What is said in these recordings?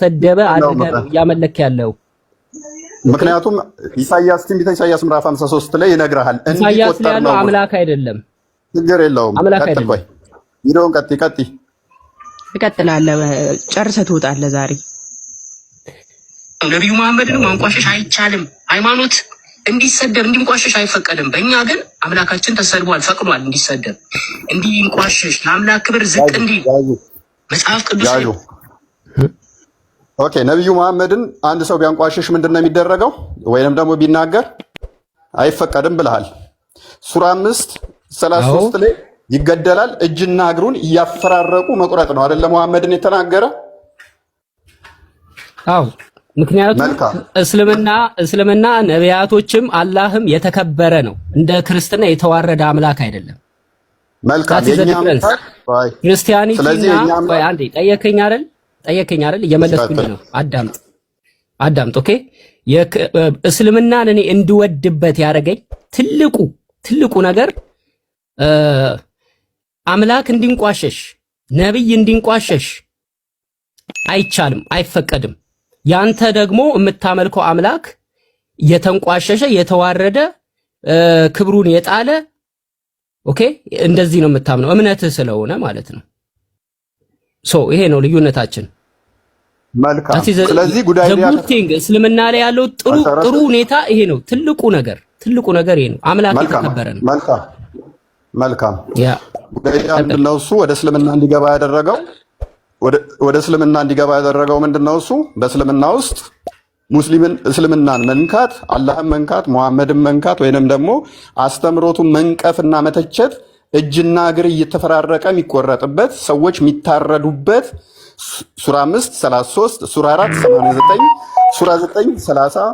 ሰደበ አድርገ እያመለክ ያለው። ምክንያቱም ኢሳያስ ትንቢተ ኢሳያስ ምዕራፍ 53 ላይ ይነግርሃል። ኢሳያስ ላይ ያለው አምላክ አይደለም። ችግር የለውም። አምላክ አይደለም። ይደውን ቀጥ ቀጥ ትቀጥላለህ። ጨርሰህ ትወጣለህ። ዛሬ ነቢዩ መሐመድን ማንቋሸሽ አይቻልም። ሃይማኖት እንዲሰደብ እንዲንቋሸሽ አይፈቀድም። በእኛ ግን አምላካችን ተሰድቧል፣ ፈቅዷል። እንዲሰደብ እንዲንቋሸሽ ለአምላክ ክብር ዝቅ እንዲል መጽሐፍ ቅዱስ ኦኬ ነቢዩ መሐመድን አንድ ሰው ቢያንቋሽሽ ምንድን ነው የሚደረገው? ወይንም ደግሞ ቢናገር አይፈቀድም ብለሃል። ሱራ አምስት ሰላሳ ሶስት ላይ ይገደላል። እጅና እግሩን እያፈራረቁ መቁረጥ ነው አይደለ? መሐመድን የተናገረ አዎ። ምክንያቱም እስልምና እስልምና ነቢያቶችም አላህም የተከበረ ነው። እንደ ክርስትና የተዋረደ አምላክ አይደለም። መልካም የኛ አንዴ ጠየከኝ አይደል ጠየቀኝ አይደል? እየመለስኩኝ ነው። አዳምጥ አዳምጥ። ኦኬ እስልምናን እኔ እንድወድበት ያደረገኝ ትልቁ ትልቁ ነገር አምላክ እንዲንቋሸሽ ነቢይ እንዲንቋሸሽ አይቻልም፣ አይፈቀድም። ያንተ ደግሞ የምታመልከው አምላክ የተንቋሸሸ የተዋረደ ክብሩን የጣለ ኦኬ፣ እንደዚህ ነው የምታምነው እምነትህ ስለሆነ ማለት ነው። ሰው ይሄ ነው ልዩነታችን። መልካም። ስለዚህ ጉዳይ እስልምና ላይ ያለው ጥሩ ጥሩ ሁኔታ ይሄ ነው። ትልቁ ነገር ትልቁ ነገር ይሄ ነው። አምላክ የተከበረ ነው። መልካም መልካም። ያ ጉዳይ ምንድን ነው? እሱ ወደ እስልምና እንዲገባ ያደረገው ወደ እስልምና እንዲገባ ያደረገው ምንድነው? ነው? እሱ በእስልምና ውስጥ ሙስሊምን እስልምናን መንካት፣ አላህን መንካት፣ መሐመድን መንካት ወይንም ደግሞ አስተምሮቱን መንቀፍና መተቸት እጅና እግር እየተፈራረቀ የሚቆረጥበት ሰዎች የሚታረዱበት ሱራ 5 33 ሱራ 4 89 ሱራ 9 30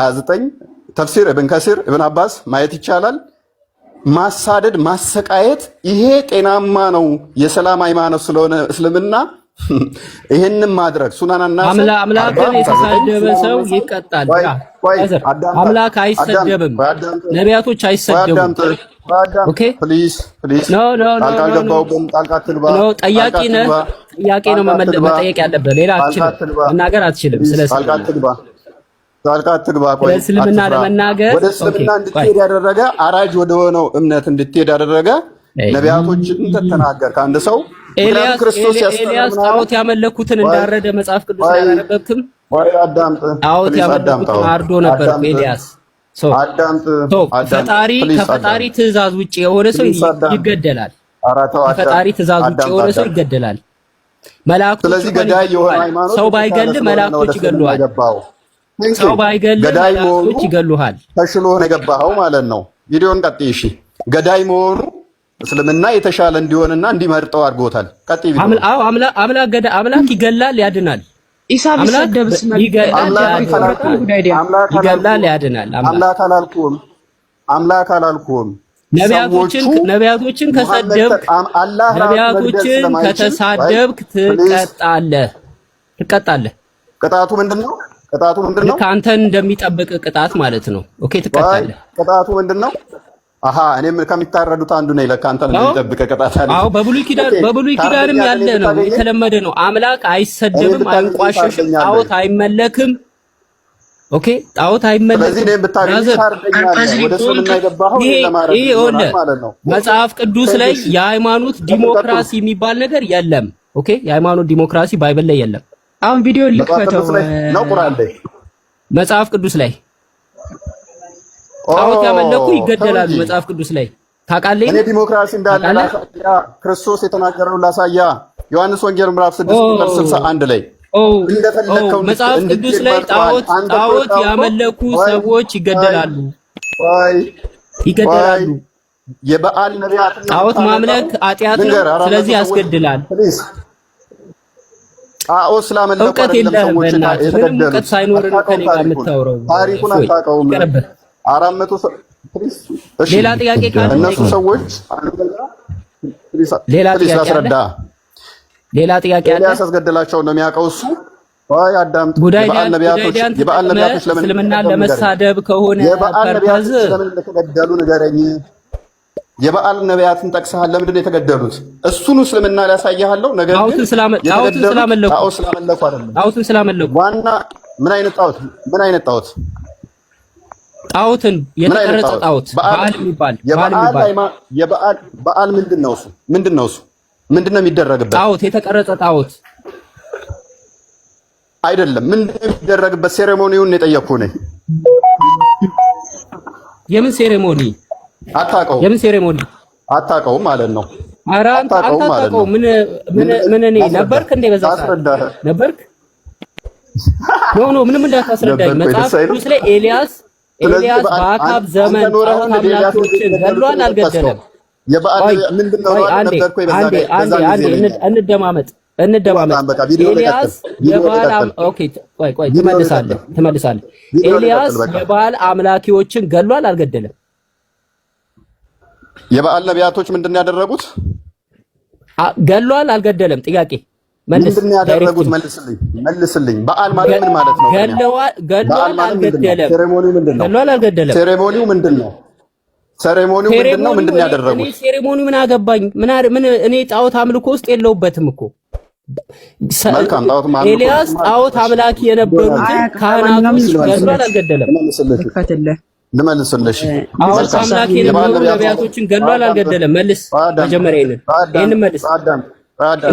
29 ተፍሲር እብን ከሲር እብን አባስ ማየት ይቻላል። ማሳደድ ማሰቃየት፣ ይሄ ጤናማ ነው። የሰላም ሃይማኖት ስለሆነ እስልምና ይህንም ማድረግ ሱናናና አምላክን የተሳደበ ሰው ይቀጣል። አምላክ አይሰደብም፣ ነቢያቶች አይሰደቡም። ጠያቂ ነህ፣ ጥያቄ ነው መጠየቅ ያለብህ። ሌላ አትችልም፣ መናገር አትችልም። ጣልቃ አትግባ። ቆይ ስለ እስልምና ለመናገር ወደ እስልምና እንድትሄድ ያደረገ አራጅ ወደ ሆነው እምነት እንድትሄድ ያደረገ ነቢያቶችን ተተናገር ከአንድ ሰው ኤልያስ ክርስቶስ ኤልያስ ጣዖት ያመለኩትን እንዳረደ መጽሐፍ ቅዱስ ላይ አላነበብክም? ጣዖት ያመለኩትን አርዶ ነበር ኤልያስ። ፈጣሪ ከፈጣሪ ትእዛዝ ውጭ የሆነ ሰው ይገደላል። ከፈጣሪ ትእዛዝ ውጭ የሆነ ሰው ይገደላል። መላእክቶች ሰው ባይገልህ መላእክቶች ይገሉሃል። ሰው ባይገልህ መላእክቶች ይገሉሃል። ተሽሎ ነው የገባኸው ማለት ነው። ቪዲዮን ቀጥይ። እሺ ገዳይ መሆኑ እስልምና የተሻለ እንዲሆንና እንዲመርጠው አድርጎታል። ቀጥይ አምላክ ገዳ አምላክ ይገላል፣ ያድናል። ኢሳ ቢሰደብስ ይገላል፣ ያድናል። አምላክ አላልኩም፣ አምላክ አላልኩም። ነቢያቶችን ነቢያቶችን ከሰደብክ ነቢያቶችን ከተሳደብክ ትቀጣለህ፣ ትቀጣለህ። ቅጣቱ ምንድነው? ቅጣቱ ምንድነው? ከአንተን እንደሚጠብቅ ቅጣት ማለት ነው። ኦኬ፣ ትቀጣለህ። ቅጣቱ ምንድነው? አሀ እኔም ከሚታረዱት አንዱ ነኝ። ለካ ነው የሚጠብቀ ቅጣት አዎ በብሉይ ኪዳን በብሉይ ኪዳንም ያለ ነው፣ የተለመደ ነው። አምላክ አይሰደብም፣ አይንቋሸሽም፣ ጣዖት አይመለክም። ኦኬ ጣዖት አይመለክም። መጽሐፍ ቅዱስ ላይ የሃይማኖት ዲሞክራሲ የሚባል ነገር የለም። ኦኬ የሃይማኖት ዲሞክራሲ ባይብል ላይ የለም። አሁን ቪዲዮ ልክፈተው ነው ቁርአን ላይ መጽሐፍ ቅዱስ ላይ ጣዖት ያመለኩ ይገደላሉ። መጽሐፍ ቅዱስ ላይ ታውቃለህ። እኔ ዲሞክራሲ እንዳለ ላሳያ፣ ክርስቶስ የተናገረው ላሳያ። ዮሐንስ ወንጌል ምዕራፍ 6 ቁጥር 61 ላይ እንደፈለከው መጽሐፍ ቅዱስ ላይ ጣዖት ጣዖት ያመለኩ ሰዎች ይገደላሉ ይገደላሉ። የበዓል ነቢያት ጣዖት ማምለክ ኃጢአት ነው፣ ስለዚህ ያስገድላል። ጣዖት ስላመለኩ አይደለም ሰዎች የተገደሉ። ምንም እውቀት ሳይኖር ከኔ ጋር የምታወራው ታሪኩን አታውቀውም። አራት መቶ ሌላ ጥያቄ ካለ እነሱ ሰዎች ሌላ ጥያቄ አለ። ሌላ ጥያቄ አለ። ያስገደላቸው ነው የሚያውቀው እሱ። አይ አዳም ጉዳይ ነቢያቶች የበዓል ነቢያቶች ለምን እስልምና ለመሳደብ ከሆነ የበዓል ነቢያቶች ለምን እንደተገደሉ ንገረኝ። የበዓል ነቢያትን ጠቅሰሃል። ለምንድን ነው የተገደሉት? እሱን እስልምና ሊያሳያለሁ። ነገር ግን ጣዖትን ስላመለኩ አይደለም። ጣዖትን ስላመለኩ ዋና ምን አይነት ጣዖት ምን አይነት ጣዖት ጣውትን የተቀረጸ ጣውት በዓል የሚባል በዓል ምንድን ነው? እሱ ምንድን ነው? እሱ ምንድን ነው የሚደረግበት? ጣውት የተቀረጸ ጣውት አይደለም። ምንድን ነው የሚደረግበት? ሴሬሞኒውን የጠየኩህ ነኝ። የምን ሴሬሞኒ አታውቀውም? የምን ሴሬሞኒ አታውቀውም ማለት ነው? ኧረ አታውቀውም። ምን ምን እኔ ነበርክ እንደ በዛ ነበርክ? ኖ ኖ ምንም እንዳታስረዳኝ መጽሐፍ ቅዱስ ላይ ኤልያስ ኤልያስ በአካብ ዘመን ጣዖት አምላኪዎችን ገሏል አልገደለም? እንደማመጥ እንደማመጥ ኤልያስ የበዓል አምላኪዎችን ገሏል አልገደለም? የበዓል ነቢያቶች ምንድን ነው ያደረጉት? ገሏል አልገደለም? ጥያቄ ምንድን ነው ያደረጉት? መልስልኝ መልስልኝ። በዓል ማለት ምን ማለት ነው? አልገደለም። ሴሬሞኒው ምንድን ነው? አልገደለም። ሴሬሞኒው ምንድን ነው? ሴሬሞኒው ምንድን ነው? ምንድን ነው ያደረጉት? እኔ ምን አገባኝ? ምን ምን እኔ ጣዖት አምልኮ ውስጥ የለውበትም እኮ መልካም ጣዖት ኤልያስ ጣዖት አምላኪ የነበሩትን ካህናቶች ገለዋል አልገደለም? ልመልስልሽ ጣዖት አምላኪ የነበሩ ነቢያቶችን አልገደለም? መልስ መጀመሪያ ይሄንን መልስ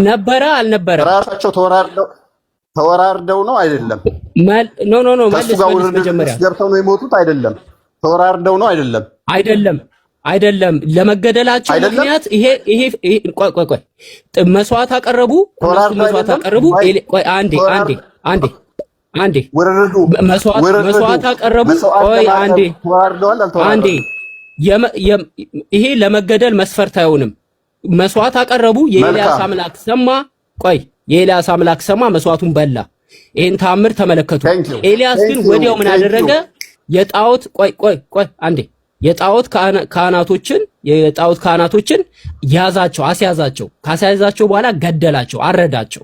ነበረ አልነበረ ራሳቸው ተወራርደው ተወራርደው ነው አይደለም? ኖ ኖ ኖ መልስ መጀመሪያ ገብተው ነው የሞቱት አይደለም? ተወራርደው ነው አይደለም? አይደለም አይደለም። ለመገደላቸው ምክንያት ይሄ ይሄ ቆይ ቆይ ቆይ መስዋዕት አቀረቡ። መስዋዕት አቀረቡ። ቆይ አንዴ አንዴ አንዴ አንዴ ወረረዱ መስዋዕት አቀረቡ። ቆይ አንዴ አንዴ ይሄ ለመገደል መስፈርት አይሆንም። መስዋዕት አቀረቡ። የኤልያስ አምላክ ሰማ። ቆይ የኤልያስ አምላክ ሰማ፣ መስዋዕቱን በላ። ይሄን ተአምር ተመለከቱ። ኤልያስ ግን ወዲያው ምን አደረገ? የጣዖት ቆይ ቆይ ቆይ አንዴ የጣዖት ካህናቶችን የጣዖት ካህናቶችን ያዛቸው፣ አስያዛቸው። ካስያዛቸው በኋላ ገደላቸው፣ አረዳቸው።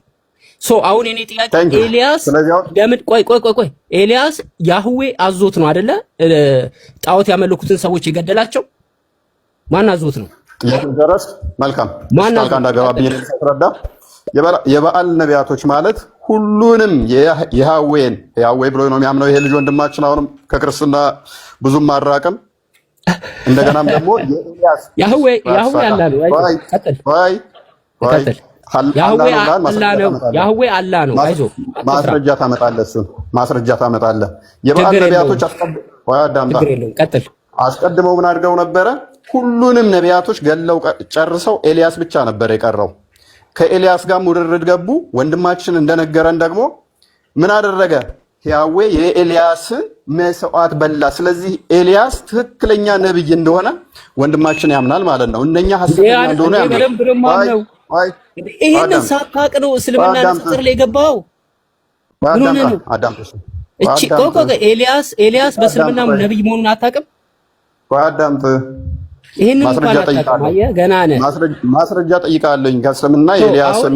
ሶ አሁን እኔ ጥያቄ ኤልያስ ለምን ቆይ ቆይ ቆይ ቆይ ኤልያስ ያህዌ አዞት ነው አይደለ? ጣዖት ያመለኩትን ሰዎች የገደላቸው ማን አዞት ነው? ጥያቄ ደረስ መልካም ማናልካ እንዳገባብ ረዳ የበዓል ነቢያቶች ማለት ሁሉንም የህዌን ያዌ ብሎ ነው የሚያምነው ይሄ ልጅ ወንድማችን። አሁንም ከክርስትና ብዙም ማራቅም እንደገናም ደግሞ ያህዌ አላ ነው። ማስረጃ ታመጣለህ፣ እሱን ማስረጃ ታመጣለ። የበዓል ነቢያቶች አስቀድመው ምን አድርገው ነበረ? ሁሉንም ነቢያቶች ገለው ጨርሰው ኤልያስ ብቻ ነበር የቀረው። ከኤልያስ ጋርም ውድድር ገቡ። ወንድማችን እንደነገረን ደግሞ ምን አደረገ? ያዌ የኤልያስን መስዋዕት በላ። ስለዚህ ኤልያስ ትክክለኛ ነብይ እንደሆነ ወንድማችን ያምናል ማለት ነው። እነኛ ሐሰተኛ እንደሆነ ያምናል። ይሄንን ነው እስልምና ንጽጽር ላይ የገባው። ኤልያስ ኤልያስ በእስልምና ነብይ መሆኑን አታውቅም። አዳምጥ ይሄን ማስረጃ ጠይቃለሁ። ገና ነህ። ማስረጃ ጠይቃለሁኝ ከእስልምና ኤልያስን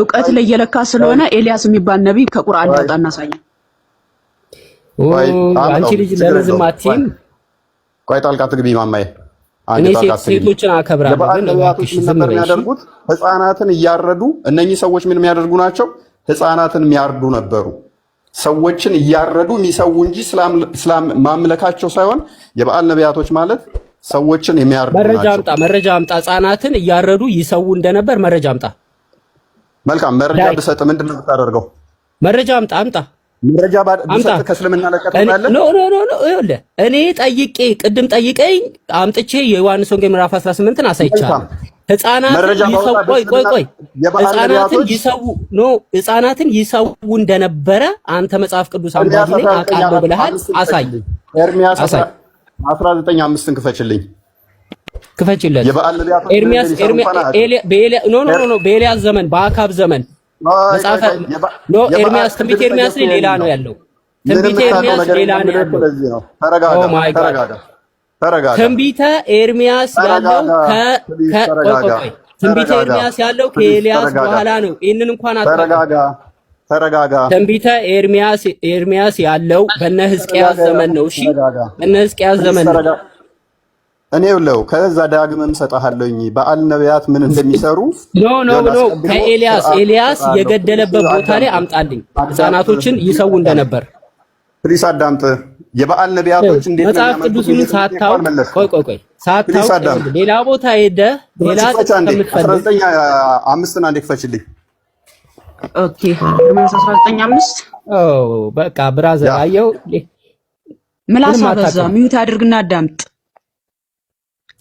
እውቀት ላይ የለካ ስለሆነ ኤልያስ የሚባል ነቢይ ከቁርአን ያወጣ እናሳየን። አንቺ ልጅ ለምን ዝም አትይም? ቆይ ጣልቃ ትግቢ ማማዬ። እኔ ሴቶችን አከብራለሁ። ህፃናትን እያረዱ እነኚህ ሰዎች ምን የሚያደርጉ ናቸው? ህፃናትን የሚያርዱ ነበሩ። ሰዎችን እያረዱ የሚሰዉ እንጂ ማምለካቸው ሳይሆን የበዓል ነቢያቶች ማለት ሰዎችን የሚያርዱ መረጃ አምጣ፣ መረጃ አምጣ። ህጻናትን እያረዱ ይሰው እንደነበር መረጃ አምጣ። መልካም መረጃ ብሰጥ ምንድን ነው የምታደርገው? መረጃ አምጣ፣ አምጣ፣ መረጃ ብሰጥ ከእስልምና ለቀት ላለ ኖ ኖ ኖ ለ እኔ ጠይቄ ቅድም ጠይቀኝ አምጥቼ የዮሐንስ ወንጌል ምዕራፍ 18ን አሳይቻለሁ። ህጻናትን ይሰው እንደነበረ አንተ መጽሐፍ ቅዱስ አንባቢ ነኝ አውቃለሁ ብለሃል። አሳይ። ኤርሚያስ 19 አምስትን ክፈችልኝ ክፈችለት። ኤርሚያስ ኖ ኖ ኖ በኤልያስ ዘመን በአካብ ዘመን ኖ ኤርሚያስ ትንቢት ኤርሚያስ ሌላ ነው ያለው። ትንቢት ኤርሚያስ ሌላ ነው ያለው። ትንቢተ ኤርሚያስ ያለው ትንቢተ ኤርሚያስ ያለው ከኤልያስ በኋላ ነው። ይህንን እንኳን ተረጋጋ ተረጋጋ። ትንቢተ ኤርሚያስ ኤርሚያስ ያለው በነ ህዝቅያስ ዘመን ነው። እሺ በነ ህዝቅያስ ዘመን ነው። እኔ ለው ከዛ ዳግመም ሰጣሃለኝ በዓል ነቢያት ምን እንደሚሰሩ ኖ ኖ ኖ ከኤልያስ ኤልያስ የገደለበት ቦታ ላይ አምጣልኝ ህፃናቶችን ይሰው እንደነበር ፕሊስ አዳምጥ። የበዓል ነቢያቶች እንዴት ነው መጽሐፍ ቅዱሱን ሳታው? ቆይ ቆይ ቆይ ሳታው ሌላ ቦታ ሄደ ሌላ አምስትን አንዴ ክፈችልኝ። ኦኬ በቃ ብራዘር አየው ምላሳ በዛ ሚዩት አድርግና አዳምጥ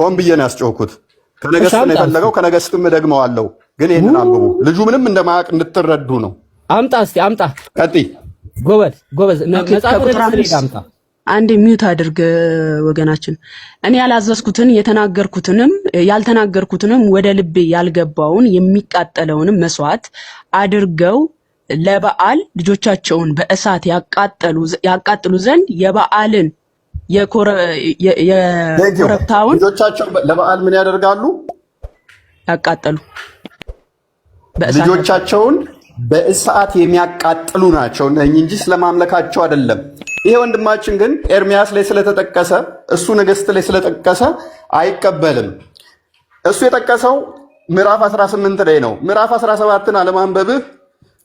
ሆን ብዬ ነው ያስጨውኩት። ከነገስት ነው የፈለገው። ከነገስትም ደግመዋለሁ። ግን ይህንን አንብቡ። ልጁ ምንም እንደማያውቅ እንድትረዱ ነው። አምጣ እስቲ አምጣ። ቀጥይ። ጎበዝ ጎበዝ። አምጣ። አንድ ሚዩት አድርግ ወገናችን። እኔ ያላዘዝኩትን የተናገርኩትንም ያልተናገርኩትንም ወደ ልቤ ያልገባውን የሚቃጠለውንም መስዋዕት አድርገው ለበዓል ልጆቻቸውን በእሳት ያቃጥሉ ዘንድ የበዓልን የኮረብታውን ልጆቻቸው ለበዓል ምን ያደርጋሉ? ያቃጠሉ ልጆቻቸውን በእሳት የሚያቃጥሉ ናቸው እንጂ ስለማምለካቸው አይደለም። ይሄ ወንድማችን ግን ኤርሚያስ ላይ ስለተጠቀሰ እሱ ነገስት ላይ ስለጠቀሰ አይቀበልም። እሱ የጠቀሰው ምዕራፍ 18 ላይ ነው። ምዕራፍ 17ን አለማንበብህ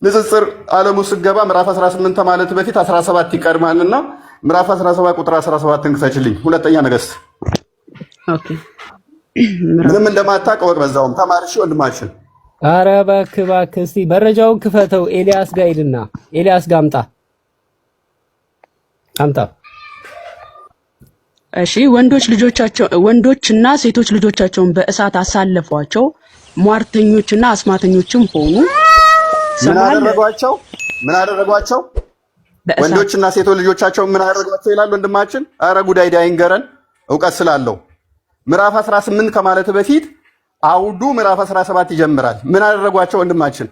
ንጽጽር አለሙ ስገባ ምዕራፍ 18 ማለት በፊት 17 ይቀድማልና ምዕራፍ 17 ቁጥር 17 እንክፈችልኝ። ሁለተኛ ነገሥት ምንም እንደማታውቅ ወቅ በዛውም ተማርሽ ወንድማችን። ኧረ እባክህ እባክህ፣ እስኪ መረጃውን ክፈተው። ኤልያስ ጋር ሂድና ኤልያስ ጋር አምጣ አምጣ። እሺ ወንዶች ልጆቻቸው ወንዶችና ሴቶች ልጆቻቸውን በእሳት አሳለፏቸው፣ ሟርተኞችና አስማተኞችም ሆኑ። ምን አደረጓቸው? ምን አደረጓቸው? ወንዶችና ሴቶች ልጆቻቸውን ምን አደረጓቸው ይላል ወንድማችን። አረ ጉዳይ ዳይንገረን እውቀት ስላለው ምዕራፍ 18 ከማለት በፊት አውዱ ምዕራፍ 17 ይጀምራል። ምን አደረጓቸው ወንድማችን?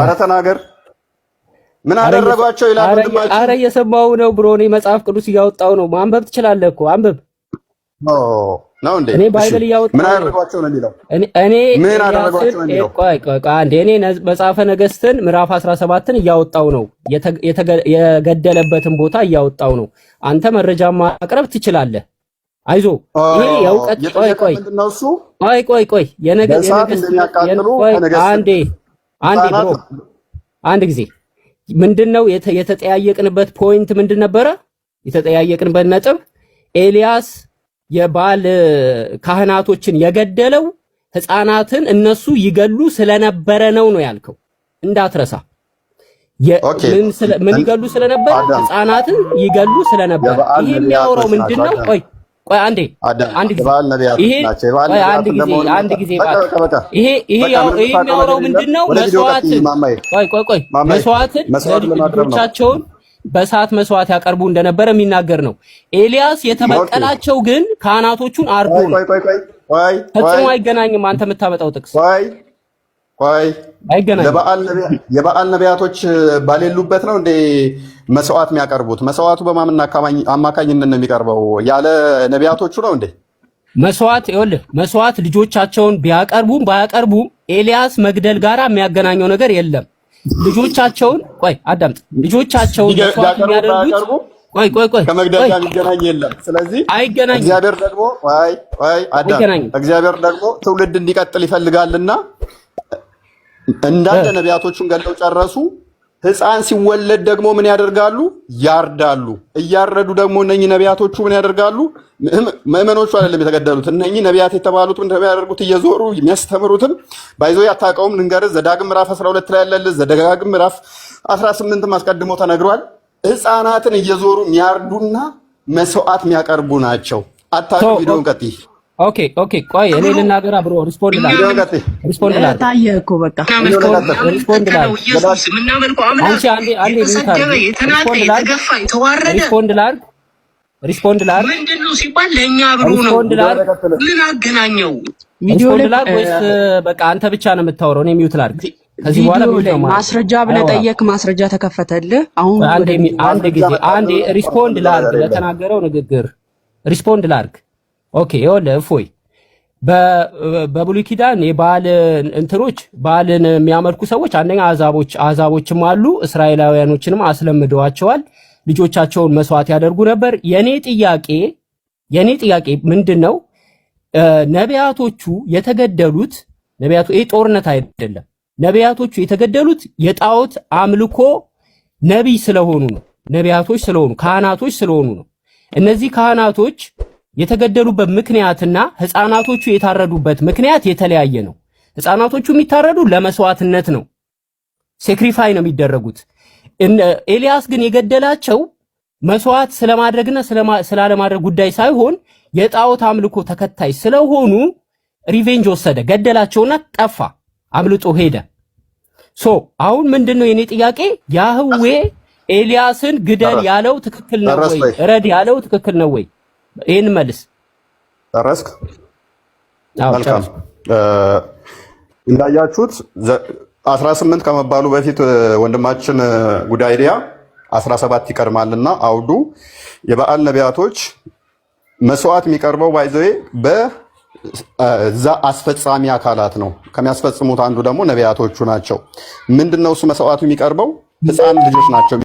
አረ ተናገር። ምን አደረጓቸው ይላል ወንድማችን። አረ እየሰማው ነው ብሮ፣ እኔ መጽሐፍ ቅዱስ እያወጣው ነው። ማንበብ ትችላለህ እኮ አንብብ። ነው እንዴ? እኔ ባይብል እያወጣሁ ምን አደረጓቸው ነው የሚለው? እኔ ምን አደረጓቸው ነው የሚለው? ቆይ ቆይ ቆይ አንዴ እኔ መጽሐፈ ነገስትን ምዕራፍ 17ን እያወጣው ነው፣ የገደለበትን ቦታ እያወጣው ነው። አንተ መረጃ ማቅረብ ትችላለህ። አይዞ ይሄ የእውቀት ቆይ ቆይ ቆይ ቆይ ቆይ የነገ የነገ አንዴ አንዴ ብሮ አንድ ጊዜ ምንድነው የተጠያየቅንበት ፖይንት ምንድን ነበረ? የተጠያየቅንበት ነጥብ ኤልያስ የባል ካህናቶችን የገደለው ህፃናትን እነሱ ይገሉ ስለነበረ ነው ነው ያልከው፣ እንዳትረሳ። ምን ይገሉ ስለነበረ? ህፃናትን ይገሉ ስለነበረ። ይሄ የሚያወራው ምንድን ነው? ቆይ ቆይ፣ አንዴ አንድ ጊዜ ይሄ አንድ ጊዜ ይሄ ይሄ የሚያወራው ምንድን ነው? መስዋዕትን ቆይ ቆይ ቆይ መስዋዕትን ልጆቻቸውን በሰዓት መስዋዕት ያቀርቡ እንደነበረ የሚናገር ነው። ኤልያስ የተበቀላቸው ግን ካህናቶቹን አርዶ ነው። ፈጽሞ አይገናኝም። አንተ የምታመጣው ጥቅስ አይገናኝም። የበዓል ነቢያቶች ባሌሉበት ነው እንዴ መስዋዕት የሚያቀርቡት? መስዋዕቱ በማምን አማካኝነት ነው የሚቀርበው ያለ ነቢያቶቹ ነው እንዴ መስዋዕት ይኸውልህ፣ መስዋዕት ልጆቻቸውን ቢያቀርቡም ባያቀርቡም ኤልያስ መግደል ጋር የሚያገናኘው ነገር የለም። ልጆቻቸውን ቆይ አዳምጥ። ልጆቻቸውን መስዋዕት የሚያደርጉት ቆይ ቆይ ቆይ ከመግደል ጋር የሚገናኝ የለም። ስለዚህ አይገናኝ። እግዚአብሔር ደግሞ ቆይ ቆይ አዳም እግዚአብሔር ደግሞ ትውልድ እንዲቀጥል ይፈልጋልና እንዳለ ነቢያቶቹን ገለው ጨረሱ። ህፃን ሲወለድ ደግሞ ምን ያደርጋሉ? ያርዳሉ። እያረዱ ደግሞ እነኚህ ነቢያቶቹ ምን ያደርጋሉ? ምእመኖቹ አይደለም የተገደሉት። እነኚህ ነቢያት የተባሉት ያደርጉት? እየዞሩ የሚያስተምሩትም ባይዞ ያታቀውም ልንገርህ። ዘዳግም ምዕራፍ 12 ላይ ያለል ዘደጋግም ምዕራፍ 18 አስቀድሞ ተነግሯል። ህፃናትን እየዞሩ የሚያርዱና መስዋዕት የሚያቀርቡ ናቸው። አታ ቪዲዮን ቀጥይ ኦኬ ኦኬ፣ ቆይ እኔ ልናገራ ብሮ ሪስፖንድ ላይ ሪስፖንድ ላይ በቃ ሪስፖንድ ላይ ሪስፖንድ ላይ አንተ ብቻ ነው የምታወራው? እኔ ሚውት ላድርግ። ከዚህ በኋላ ማስረጃ ብለህ ጠየቅ፣ ማስረጃ ተከፈተልህ። አሁን ጊዜ አንዴ ሪስፖንድ ላድርግ ለተናገረው ንግግር ሪስፖንድ ላድርግ ኦኬ ይኸውልህ እፎይ በብሉይ ኪዳን የበዓል እንትኖች በዓልን የሚያመልኩ ሰዎች አንደኛ አዛቦች አዛቦችም አሉ እስራኤላውያኖችንም አስለምደዋቸዋል ልጆቻቸውን መስዋዕት ያደርጉ ነበር የኔ ጥያቄ የኔ ጥያቄ ምንድን ነው ነቢያቶቹ የተገደሉት ነቢያቱ ይህ ጦርነት አይደለም ነቢያቶቹ የተገደሉት የጣዖት አምልኮ ነቢይ ስለሆኑ ነው ነቢያቶች ስለሆኑ ካህናቶች ስለሆኑ ነው እነዚህ ካህናቶች የተገደሉበት ምክንያትና ህፃናቶቹ የታረዱበት ምክንያት የተለያየ ነው። ህፃናቶቹ የሚታረዱ ለመስዋዕትነት ነው፣ ሴክሪፋይ ነው የሚደረጉት። ኤልያስ ግን የገደላቸው መስዋዕት ስለማድረግና ስላለማድረግ ጉዳይ ሳይሆን የጣዖት አምልኮ ተከታይ ስለሆኑ ሪቬንጅ ወሰደ፣ ገደላቸውና ጠፋ፣ አምልጦ ሄደ። ሶ አሁን ምንድነው የኔ ጥያቄ? ያህዌ ኤልያስን ግደል ያለው ትክክል ነው ወይ? ረድ ያለው ትክክል ነው ወይ? ይህን መልስ ጨረስክ? እንዳያችሁት 18 ከመባሉ በፊት ወንድማችን ጉዳይዲያ 17 ይቀድማልና አውዱ የበዓል ነቢያቶች መስዋዕት የሚቀርበው ባይዘዌ በዛ አስፈጻሚ አካላት ነው። ከሚያስፈጽሙት አንዱ ደግሞ ነቢያቶቹ ናቸው። ምንድነው እሱ መስዋዕቱ የሚቀርበው? ህፃን ልጆች ናቸው።